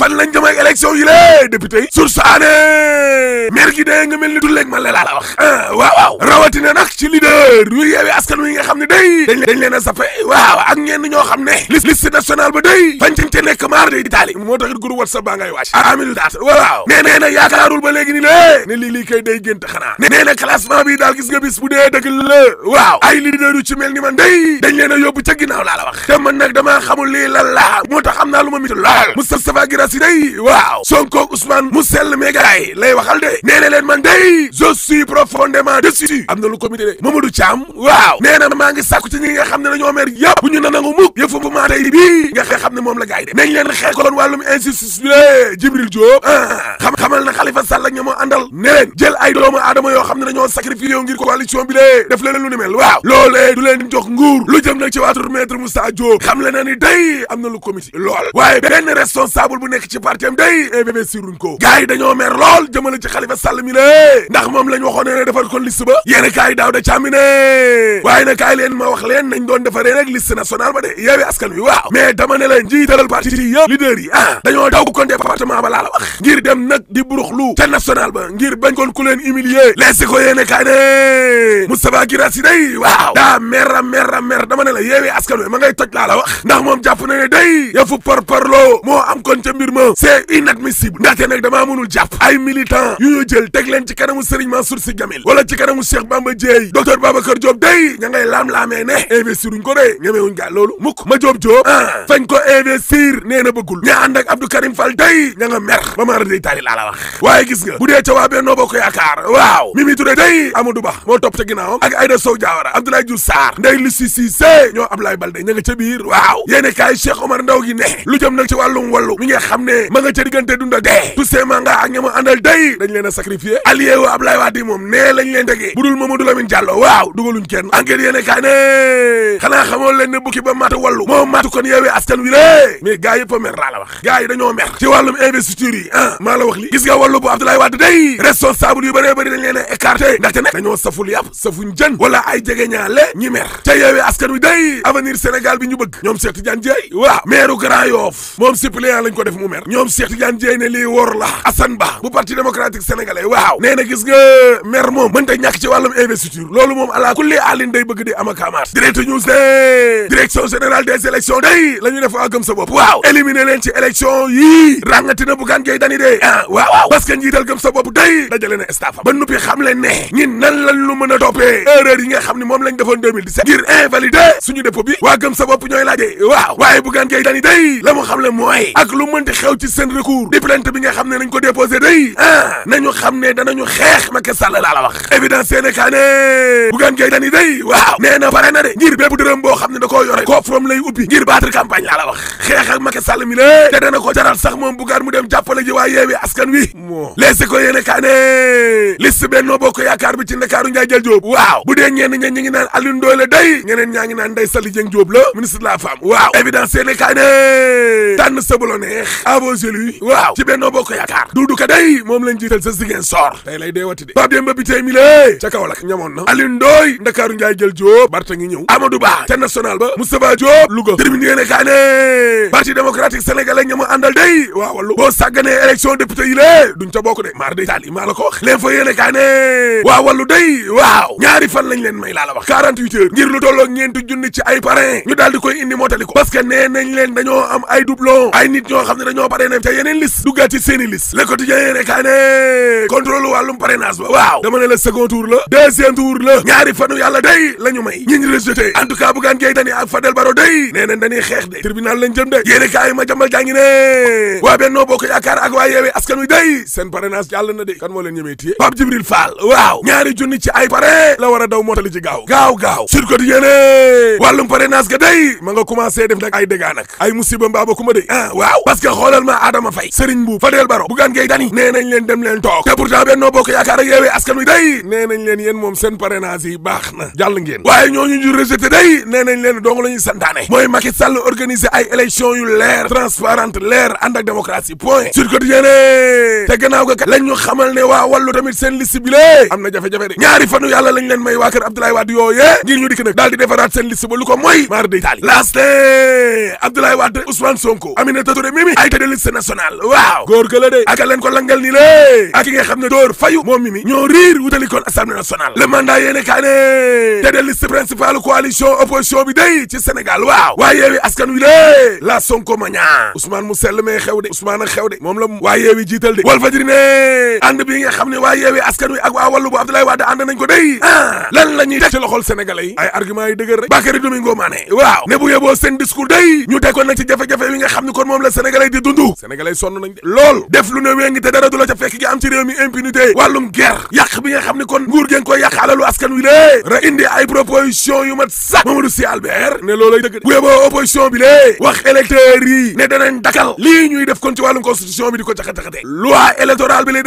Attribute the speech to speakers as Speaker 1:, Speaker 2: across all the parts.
Speaker 1: fan lañ jëm ak élection yi lée député yi source ané maire gi dee mel ni tulleeg man la laa la wax ah waaw waaw rawatina nag ci leader yu yeewi askan wi nga xam ne day dañ leen a safe waaw ñoo xam ne liste nationale ba day fañcañ ca nekk maar day di taali moo taxit groupe whatsapp baa ngay wàcc ah, ne lii lii kay day gént xanaa nee na classement bi daal gis nga bu dee dëgg la waaw ay leader yu ci mel ni man day dañ leen a yóbbu ca ginnaaw laa la wax te man nag damaa xamul lii lan la moo tax am compromettre Moustapha Guirassy day waaw Sonko Ousmane mu sell meegaay lay waxal de nee na leen man day je suis profondément déçu am na lu comité de Mamadou Thiam waaw nee na maa ngi sàkku ci ñi nga xam ne dañoo mer yëpp bu ñu na nangu mukk yëfu bu maa tey bii nga xam ne moom la gaay de nañ leen xeex kon wàllum injustice bi Jibril Diop ah, ah, ah. xamal na Khalifa Sall ak ña ma àndal ne leen jël ay doomu aadama yoo xam ne dañoo sacrifié ngir coalition bi lee def leneen lu ni mel waaw loolee du leen di jox nguur lu jëm nag ci waatur maître Moussa Diop xam le na ni day am na lu comité lool waaye benn responsable bu nekk ci parti am day investir wuñ ko gars yi dañoo mer lool jëmale ci Khalifa Sall mi lee ndax moom lañ waxoon ne defar kon liste ba yéen kaay daaw da càmmi ne waaye nag kaay leen ma wax leen nañ doon defaree rek liste nationale ba de yeewi askan wi waaw mais dama ne la njiitalal parti yi yëpp ah ko département di buruxlu lu national ba ngir bañ koon ku leen humilier leesi ko yéene kaay ne Moustapha day waaw daa mera mera mer dama ne la yeewee askan wi ma ngay toj laa wa ndax moom jàpp na ne day yëfu parparloo moo am kon ca mbir ma c'est inadmissible ndaxte nag damaa mënul jàpp ay militant yu ñu jël teg leen ci kanamu Serigne Mansour Sy Djamil wala ci kanamu Cheikh Bamba Dièye docteur Babacar Diop day ña ngay laam-laamee ne investir uñ ko dee ñemewuñ gaa lool mukk ma Diop Diop ah fañ ko investir nee la wax waaye gis nga bu dee ca waa Benno Bokk Yaakaar waaw Mimi Touré day Amadou Ba moo topp ca ginnaawam ak Aïda Sow Diawara Abdoulaye Diouf Sarr Ndeye Lucie Cissé ñoo Abdoulaye Baldé ña nga ca biir waaw yéene kaay Cheikh Omar Ndaw gi ne lu jëm nag ci wàllum wàllu mi xam ne ma nga ca diggante dund ak dee Toussaint Manga ak ña ma àndal day dañ leen a sacrifié allié wu Abdoulaye moom nee lañ leen tegee bu dul Mamadou Lamine Diallo waaw dugaluñ kenn enquête ne xanaa xamoon leen ne bukki moom matu kon yeewee askan a la wax gars yi dañoo mer ci wàllum investiture yi ah, la wax li gis nga wàllu bu Abdoulaye Wade day responsable yu bëree bëri dañ leen a écarté ndaxte nag dañoo saful yàpp safuñ jën wala ay jege ñaale ñi mer te yeewee askan wi day avenir Sénégal bi ñu bëgg ñoom Cheikh Tidiane Dieye waaw maire Grand Yoff moom suppléant lañ ko def mu mer ñoom Cheikh Tidiane Dieye ne lii wor la Ba bu parti démocratique sénégalais waaw nee na mer moom mënta ñàkk ci wàllum investiture loolu moom ala kulli àllin day bëgg di am de direction générale des élections day la waaw parce que njiital gëm sa bopp day dajale na staffam ba nuppi xam leen ne ñin nan lañ lu mën a toppee erreur yi nga xam ne moom lañ defoon 2017 ngir invalider suñu dépôt bi waa gëm sa bopp ñooy laajee waaw waaye Bougane Gueye Dany day la mu xam le mooy ak lu mënti xew ci seen recours di bi nga xam ne nañ ko déposé day ah nañu xam ne danañu xeex Macky Sall laa la wax évidence seene kaa ne Bougane Gueye day waaw nee na pare na de ngir bépp dërëm da la wax askan wi moo leese ko yéen a kaa ne liste Benno Bokk Yaakaar bi ci Ndakaaru Ndiaye Jël Diop waaw bu dee ñenn ña ñi ngi day ñeneen ñaa ngi naan ministre la femme waaw évidence yéen a kaa ne sa bu la neex à vos waaw ci Benno Bokk Yaakaar Doudou Ka day moom lañ jiital sa Ziguinchor tey lay dee wati de Pape Demba bi tey mi lee ca Kaolack ñamoon na Alioune Ndoye Ndakaaru Ndiaye Jël Diop Barta ngi ñëw Amadou Ba ca national ba Moustapha Diop Louga termine yéen a kaa ne parti démocratique sénégalais ñamu àndal day waaw wallu boo sàgganee de duñ ca bokk de maar de taal yi maa la ko wax leen fa yéene waa wàllu day waaw fan lañ leen may laa la wax 48 heures ngir lu tolo tolloo ñeenti junni ci ay parrain ñu dal di koy indi mootali ko parce que nee nañ leen dañoo am ay doublon ay nit ñoo xam ne paré parrainé ca yeneen liste du gatti seen liste le quotidien rek ané contrôle walum parrainage ba waaw dama ne le second tour la deuxième tour la ñaari fanu yalla day lañu ñu may ñiñ rejeté en tout cas bu gan Gueye tani ak Fadel baro day nee nañ dañuy xeex de tribunal lañ jëm de yene kay yi ma jàmbal jàngi ne ben no Bokk Yaakaar ak wa yewé Askan Wi day seen parrainage yalla na de kan mo leen ñëmé téye Pape jibril Fall waaw ñaari junni ci ay parrain la war war a daw mootali ci gaaw gaaw gaaw Sud Quotidien wàllum parrainage ga day ma nga def nag ay dégâts nag ay musiba mbaa ba dey ah waaw parce que ma Adama Faye Serigne Mboup Fadel Baro Bougane Gueye Dany nee leen dem toog te pourtant Benno Bokk Yaakaar ak Yewwi Askan Wi day nee leen yéen moom seen parrainage yi baax na jàll ngeen waaye ñooñu ju rejeté day nee leen dong la santaane mooy Macky Sall organiser ay élection yu leer transparente may waa kër Abdoulaye Wade yooyee ngir ñu dikk nag daal di defaraat seen liste ba lu ko mooy maar day taali last Abdoulaye Wade Ousmane Sonko Aminata Touré mimi ay tëdd liste nationale waaw góor ga la de ak leen ko langal ni lé ak xam ne dóor fayu moom mimi ñoo riir wutali koon assemblée le mandat yéene kaa ne tëdd liste principale coalition bi day ci Sénégal waaw waaye yeewi askan wi lé la Sonko ma ñaa Ousmane mu sell may xew de Ousmane ak la waaye yeewi jiital de Walfadjri ne ànd bi nga xam ne waaye yeewi askan wi ak waa wàllu lan la ñuy ci loxol sénégalais ay argument yi dëgër rek Bakary Domingo Mané waaw ne bu yeboo seen discours day ñu teg ko ci jafe-jafe yi nga xam ne kon moom la sénégalais di dund sénégalais sonn nañ de lool def lu ne wéngi te dara du la ca fekk gi am ci réew mi impunité wàllum guerre yàq bi nga xam ne kon nguur gi koy yàq alalu askan wi lée ra indi ay proposition yu mat sax Mamadou Sy Albert ne loolay bi ne danañ dakal lii di ko caxat-caxate loi électorale bi lay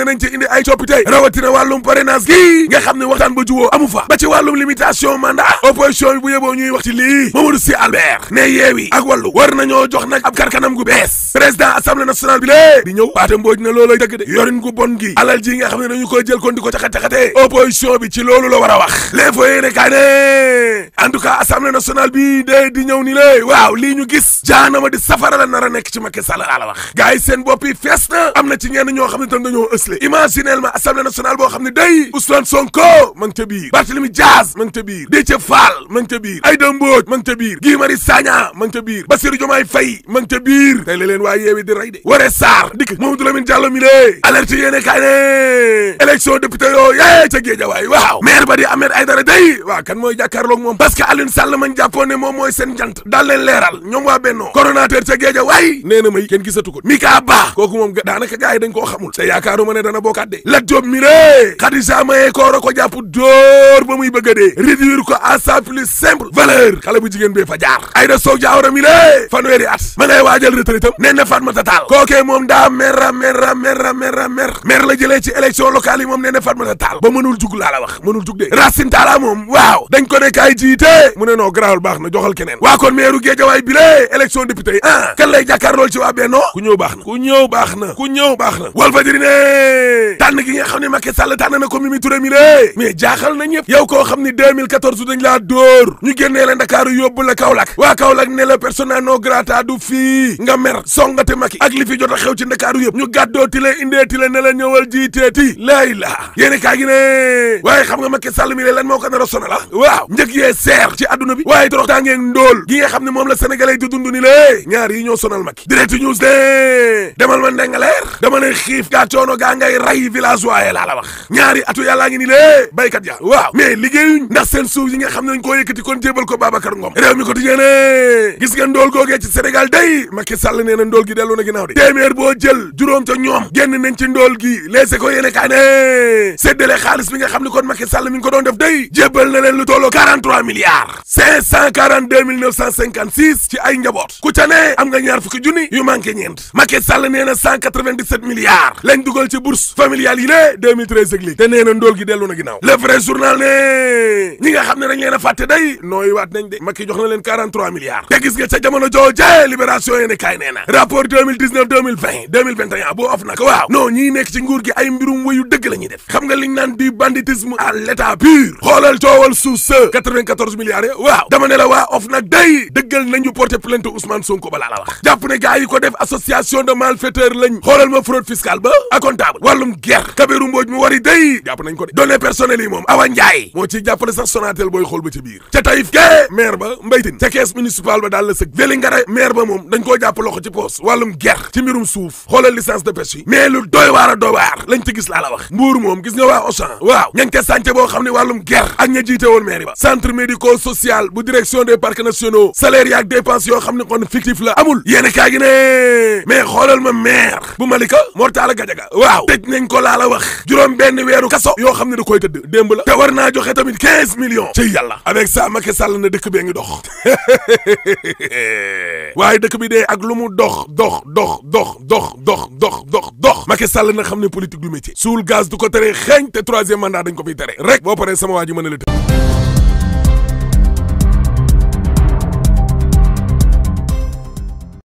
Speaker 1: wa ba ci wàllum limitation mandat opposition bi bu yeboo ñuy wax ci lii Mamadou Sy Albert ne yeewi ak wàllu war nañoo jox nag ab karkanam gu bees président assemblée nationale bi lée di ñëw baata mbooj na loolooy dëgg de yorin gu bon gi alal ji nga xam ne dañu koy jël kon di ko caxat-caxatee opposition bi ci loolu la war a wax les foyé ne kaa ne en tout bi dee di ñëw ni lée waaw lii ñu gis jaanama di safara la nar a nekk ci Macky Sall laa la wax gars yi seen bopp yi fees ñoo xam ne tam dañoo ësle imaginellement boo xam ne day Ousmane Sonko Barthélemy Dias ma nga ca biir ca biir Aïda Mbodj ma nga ca biir Guy Marius Sagna ma nga ca biir Bassirou Diomaye Faye ma nga la leen waa yeewi di rey de Woré Sarr dikk Mamadou Lamine Diallo mi lee alerte yéene kaay ne élection député yee ca Guédiawaye waaw maire ba di Ahmed Aïdara day waaw kan mooy jàkkaarloog moom parce que Aliou Sall mañ jàppoon ne moom mooy seen jant daal leeral ñoom waa Benno coordonnateur ca Guédiawaye nee na may kenn gisatu ko Mika Ba kooku moom daanaka gars yi koo valeur ba muy bëgg a dee réduire ko à sa plus simple valeur xale bu jigéen bee fa jaar Aïda Sow Diawara mi lée fanweeri at ma ngay waajal retraite am nee na Fatmata Tall kookee moom daa mera mera mera mera mer mer la jëlee ci élection locale yi moom nee na Fatmata mënul jug laa wax mënul jug de Racine Talla moom waaw dañ ko jiite mu noo garaawul baax na joxal keneen waa kon meeru Géejawaay bi lée élection député yi ah kan ci waa yow koo xam ni 2014 dañ laa dóor ñu génnee la Ndakaaru yóbbu la Kaolack waa Kaolack ne la persona non grata du fii nga mer a xew ci Ndakaaru yëpp ñu gàddooti la indeeti la ne la ñëwal jiiteeti laay laa yéeni kaa gi ne waaye xam nga Macky Sall mi le lan moo ko nar a sona la ah waaw njëg yee seer ci àdduna bi waaye torox tàngee ndóol gi nga xam ne moom la sénégalais di dund ni lée ñaar yi ñoo sonal Macky direct news ne demal ma ndengaleer dama ne xiif gaa coono gaa ngay ray villageois laa la wax ñaari atu yàllaa ngi ni lée béykat ya waaw mais liggéeyuñ ndax seen suuf yi nga xam ne dañ koo yëkkati kon jébal ko Babacar Ngom réew mi quotidien ne gis nga ndool googee ci Sénégal day Macky Sall nee na ndool gi dellu na ginnaaw de téeméer gi leese ko yéene kaa ne séddale xaalis bi nga xam ne kon Macky Sall mi ngi ko doon def day jébal na leen lu tolloo 43 milliards 542 956 ci ay njaboot ku ca ne am nga ñaar fukki junni yu manqué ñeent Macky Sall nee na na ndool gi dellu na ginnaaw ne ñi nga xam ne dañ leen a fàtte day nooy waat nañ de Macky jox na leen 43 milliards te gis nga ca jamono jooje libération yéene kaay nee na rapport 2019 2020 2021 boo of nag waaw non ñii nekk ci nguur gi ay mbirum wayu dëgg la ñuy def xam nga liñ naan di banditisme à l'état pur xoolal coowal suuf sa 94 milliards ya waaw dama ne la waa of nag day dëggal nañu porté plainte Ousmane Sonko balaa la wax jàpp ne gars ko def association a waay moo ciy jàppale sax Sonatel booy xool ba ca biir ca Taïf gee maire ba mbaytin ca caisse municipale ba daal la sëg maire ba moom dañ koo jàpp loxo ci poos wàllum ger ci mbirum suuf xoolal licence de pêche mais lu doy waar a doy waar lañ ci gis laa la wax mbuur moom gis nga waa Auchan waaw ña ngi ca boo xam ne wàllum ger ak ña jiite woon maire ba centre médico social bu direction des parcs nationaux salaire yaak dépense yoo xam ne kon fictif naa joxe tamit 15 millions ci yàlla avec ça Macky Sall na dëkk bee ngi dox waaye dëkk bi dee ak lu mu dox dox dox dox dox dox dox dox dox Macky Sall na xam ne politique du métier suul gaz du ko tere xeeñ te troisième mandat dañ ko fiy tere rek boo paree sama waa ji mën a la